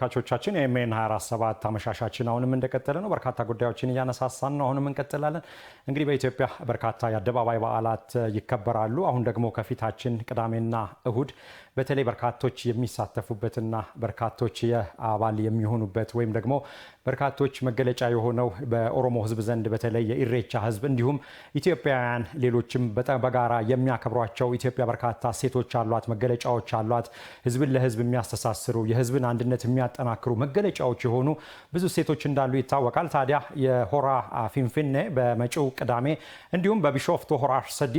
ካቾቻችን የኤምኤን 247 አመሻሻችን አሁንም እንደቀጠለ ነው። በርካታ ጉዳዮችን እያነሳሳን ነው። አሁንም እንቀጥላለን። እንግዲህ በኢትዮጵያ በርካታ የአደባባይ በዓላት ይከበራሉ። አሁን ደግሞ ከፊታችን ቅዳሜና እሁድ በተለይ በርካቶች የሚሳተፉበትና በርካቶች የአባል የሚሆኑበት ወይም ደግሞ በርካቶች መገለጫ የሆነው በኦሮሞ ሕዝብ ዘንድ በተለይ የኢሬቻ ሕዝብ እንዲሁም ኢትዮጵያውያን ሌሎችም በጋራ የሚያከብሯቸው ኢትዮጵያ በርካታ ሴቶች አሏት፣ መገለጫዎች አሏት። ሕዝብን ለሕዝብ የሚያስተሳስሩ የሕዝብን አንድነት የሚያ የሚያጠናክሩ መገለጫዎች የሆኑ ብዙ ሴቶች እንዳሉ ይታወቃል። ታዲያ የሆራ ፊንፊኔ በመጪው ቅዳሜ እንዲሁም በቢሾፍቱ ሆራ አርሰዲ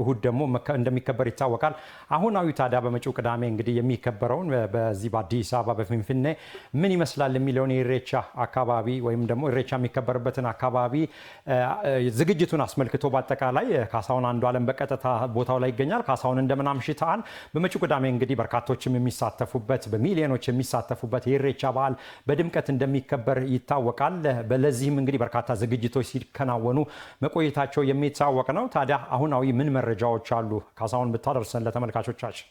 እሁድ ደግሞ እንደሚከበር ይታወቃል። አሁናዊ ታዲያ በመጪው ቅዳሜ እንግዲህ የሚከበረውን በዚህ በአዲስ አበባ በፊንፊኔ ምን ይመስላል የሚለውን የኢሬቻ አካባቢ ወይም ደግሞ ኢሬቻ የሚከበርበትን አካባቢ ዝግጅቱን አስመልክቶ በአጠቃላይ ካሳሁን አንዱ አለም በቀጥታ ቦታው ላይ ይገኛል። ካሳሁን እንደምን በመጪው ቅዳሜ እንግዲህ በርካቶችም የሚሳተፉበት በሚሊዮኖች የሚሳተፉበት የኢሬቻ በዓል በድምቀት እንደሚከበር ይታወቃል። በለዚህም እንግዲህ በርካታ ዝግጅቶች ሲከናወኑ መቆየታቸው የሚታወቅ ነው። ታዲያ አሁናዊ ምን መረጃዎች አሉ? ካሳሁን ብታደርሰን ለተመልካቾቻችን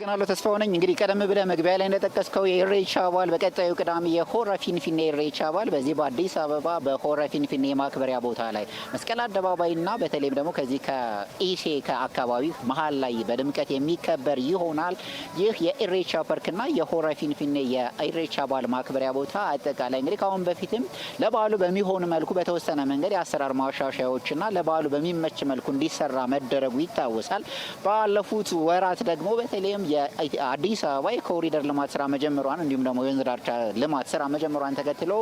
አመሰግናለሁ ተስፋ ሆነኝ። እንግዲህ ቀደም ብለህ መግቢያ ላይ እንደጠቀስከው የኢሬቻ በዓል በቀጣዩ ቅዳሜ የሆረ ፊንፊኔ ኢሬቻ በዓል በዚህ በአዲስ አበባ በሆረ ፊንፊኔ ማክበሪያ ቦታ ላይ መስቀል አደባባይና በተለይም ደግሞ ከዚህ ከኢሴ ከአካባቢ መሀል ላይ በድምቀት የሚከበር ይሆናል። ይህ የኢሬቻ ፓርክና የሆረ ፊንፊኔ የኢሬቻ በዓል ማክበሪያ ቦታ አጠቃላይ እንግዲህ ከአሁን በፊትም ለበዓሉ በሚሆን መልኩ በተወሰነ መንገድ የአሰራር ማሻሻያዎችና ለበዓሉ በሚመች መልኩ እንዲሰራ መደረጉ ይታወሳል። ባለፉት ወራት ደግሞ በተለይም የአዲስ አበባ የኮሪደር ልማት ስራ መጀመሯን እንዲሁም ደግሞ የወንዝ ዳርቻ ልማት ስራ መጀመሯን ተከትሎ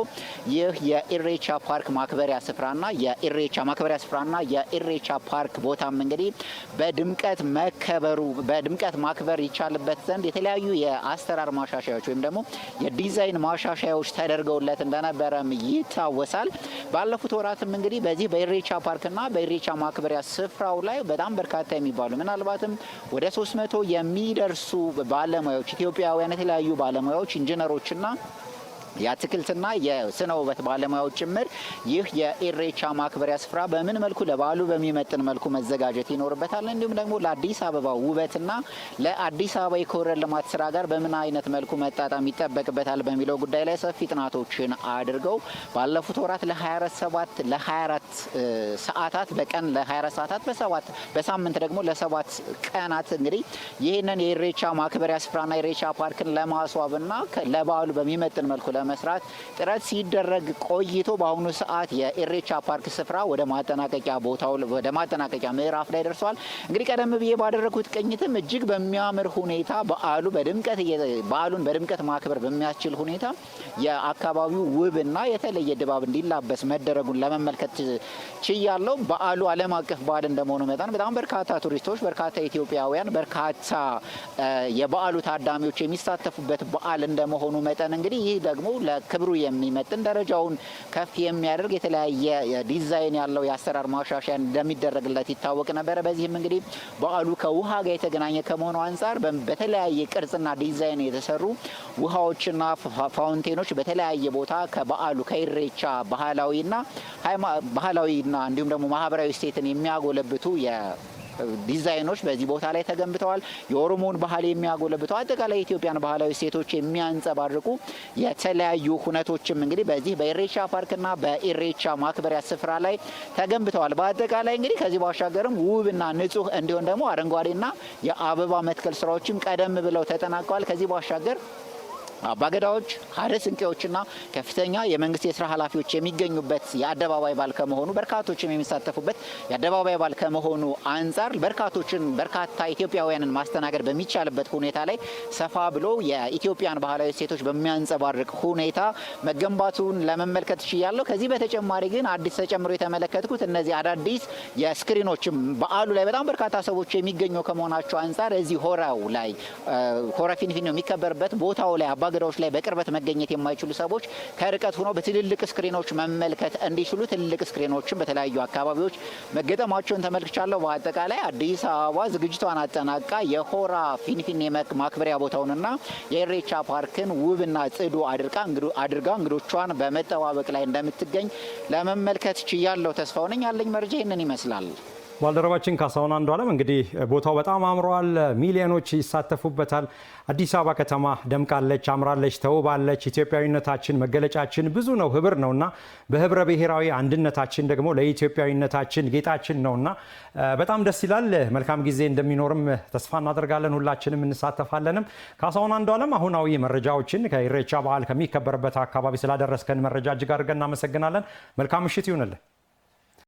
ይህ የኢሬቻ ፓርክ ማክበሪያ ስፍራና የኢሬቻ ማክበሪያ ስፍራና የኢሬቻ ፓርክ ቦታም እንግዲህ በድምቀት መከበሩ በድምቀት ማክበር ይቻልበት ዘንድ የተለያዩ የአሰራር ማሻሻያዎች ወይም ደግሞ የዲዛይን ማሻሻያዎች ተደርገውለት እንደነበረም ይታወሳል። ባለፉት ወራትም እንግዲህ በዚህ በኢሬቻ ፓርክና በኢሬቻ ማክበሪያ ስፍራው ላይ በጣም በርካታ የሚባሉ ምናልባትም ወደ 300 የሚደርሱ የእነሱ ባለሙያዎች ኢትዮጵያውያን የተለያዩ ባለሙያዎች ኢንጂነሮችና የአትክልትና የስነ ውበት ባለሙያዎች ጭምር ይህ የኢሬቻ ማክበሪያ ስፍራ በምን መልኩ ለበዓሉ በሚመጥን መልኩ መዘጋጀት ይኖርበታል፣ እንዲሁም ደግሞ ለአዲስ አበባ ውበትና ለአዲስ አበባ የኮሪደር ልማት ስራ ጋር በምን አይነት መልኩ መጣጣም ይጠበቅበታል በሚለው ጉዳይ ላይ ሰፊ ጥናቶችን አድርገው ባለፉት ወራት ለ247 ለ24 ሰዓታት በቀን ለ24 ሰዓታት በሰባት በሳምንት ደግሞ ለሰባት ቀናት እንግዲህ ይህንን የኢሬቻ ማክበሪያ ስፍራና ኢሬቻ ፓርክን ለማስዋብና ለበዓሉ በሚመጥን መልኩ ለመስራት ጥረት ሲደረግ ቆይቶ በአሁኑ ሰዓት የኢሬቻ ፓርክ ስፍራ ወደ ማጠናቀቂያ ቦታው ወደ ማጠናቀቂያ ምዕራፍ ላይ ደርሷል። እንግዲህ ቀደም ብዬ ባደረግኩት ቅኝትም እጅግ በሚያምር ሁኔታ በዓሉ በድምቀት በዓሉን በድምቀት ማክበር በሚያስችል ሁኔታ የአካባቢው ውብና የተለየ ድባብ እንዲላበስ መደረጉን ለመመልከት ችያለው። በዓሉ ዓለም አቀፍ በዓል እንደመሆኑ መጠን በጣም በርካታ ቱሪስቶች፣ በርካታ ኢትዮጵያውያን፣ በርካታ የበዓሉ ታዳሚዎች የሚሳተፉበት በዓል እንደመሆኑ መጠን እንግዲህ ይህ ደግሞ ለክብሩ የሚመጥን ደረጃውን ከፍ የሚያደርግ የተለያየ ዲዛይን ያለው የአሰራር ማሻሻያ እንደሚደረግለት ይታወቅ ነበረ። በዚህም እንግዲህ በዓሉ ከውሃ ጋር የተገናኘ ከመሆኑ አንጻር በተለያየ ቅርጽና ዲዛይን የተሰሩ ውሃዎችና ፋውንቴኖች በተለያየ ቦታ ከበዓሉ ከኢሬቻ ባህላዊና ባህላዊና እንዲሁም ደግሞ ማህበራዊ ስቴትን የሚያጎለብቱ ዲዛይኖች በዚህ ቦታ ላይ ተገንብተዋል። የኦሮሞን ባህል የሚያጎለብተው አጠቃላይ የኢትዮጵያን ባህላዊ ሴቶች የሚያንጸባርቁ የተለያዩ ሁነቶችም እንግዲህ በዚህ በኢሬቻ ፓርክና በኢሬቻ ማክበሪያ ስፍራ ላይ ተገንብተዋል። በአጠቃላይ እንግዲህ ከዚህ ባሻገርም ውብና ንጹህ እንዲሁም ደግሞ አረንጓዴና የአበባ መትከል ስራዎችም ቀደም ብለው ተጠናቀዋል። ከዚህ ባሻገር አባገዳዎች፣ ሀደ ስንቄዎችና ከፍተኛ የመንግስት የስራ ኃላፊዎች የሚገኙበት የአደባባይ በዓል ከመሆኑ በርካቶችም የሚሳተፉበት የአደባባይ በዓል ከመሆኑ አንጻር በርካቶችን በርካታ ኢትዮጵያውያንን ማስተናገድ በሚቻልበት ሁኔታ ላይ ሰፋ ብሎ የኢትዮጵያን ባህላዊ እሴቶች በሚያንጸባርቅ ሁኔታ መገንባቱን ለመመልከት ችያለሁ። ከዚህ በተጨማሪ ግን አዲስ ተጨምሮ የተመለከትኩት እነዚህ አዳዲስ የስክሪኖችም በዓሉ ላይ በጣም በርካታ ሰዎች የሚገኙ ከመሆናቸው አንጻር እዚህ ሆራው ላይ ሆረ የሚከበርበት ቦታው ላይ አባገዳዎች ላይ በቅርበት መገኘት የማይችሉ ሰዎች ከርቀት ሆኖ በትልልቅ ስክሪኖች መመልከት እንዲችሉ ትልልቅ ስክሪኖችን በተለያዩ አካባቢዎች መገጠማቸውን ተመልክቻለሁ። በአጠቃላይ አዲስ አበባ ዝግጅቷን አጠናቃ የሆራ ፊንፊኔ ማክበሪያ ቦታውንና የኢሬቻ ፓርክን ውብና ጽዱ አድርጋ እንግዶቿን በመጠባበቅ ላይ እንደምትገኝ ለመመልከት ችያለሁ። ተስፋው ነኝ። ያለኝ መረጃ ይህንን ይመስላል። ባልደረባችን ካሳሁን አንዱ አለም እንግዲህ ቦታው በጣም አምሯል፣ ሚሊዮኖች ይሳተፉበታል። አዲስ አበባ ከተማ ደምቃለች፣ አምራለች፣ ተውባለች። ኢትዮጵያዊነታችን መገለጫችን ብዙ ነው፣ ህብር እና በህብረ ብሔራዊ አንድነታችን ደግሞ ለኢትዮጵያዊነታችን ጌጣችን እና በጣም ደስ ይላል። መልካም ጊዜ እንደሚኖርም ተስፋ እናደርጋለን፣ ሁላችንም እንሳተፋለንም። ካሳሁን አንዱ አለም አሁናዊ መረጃዎችን ከኢሬቻ በዓል ከሚከበርበት አካባቢ ስላደረስከን መረጃ እጅግ አድርገን እናመሰግናለን። መልካም ምሽት ይሁንልን።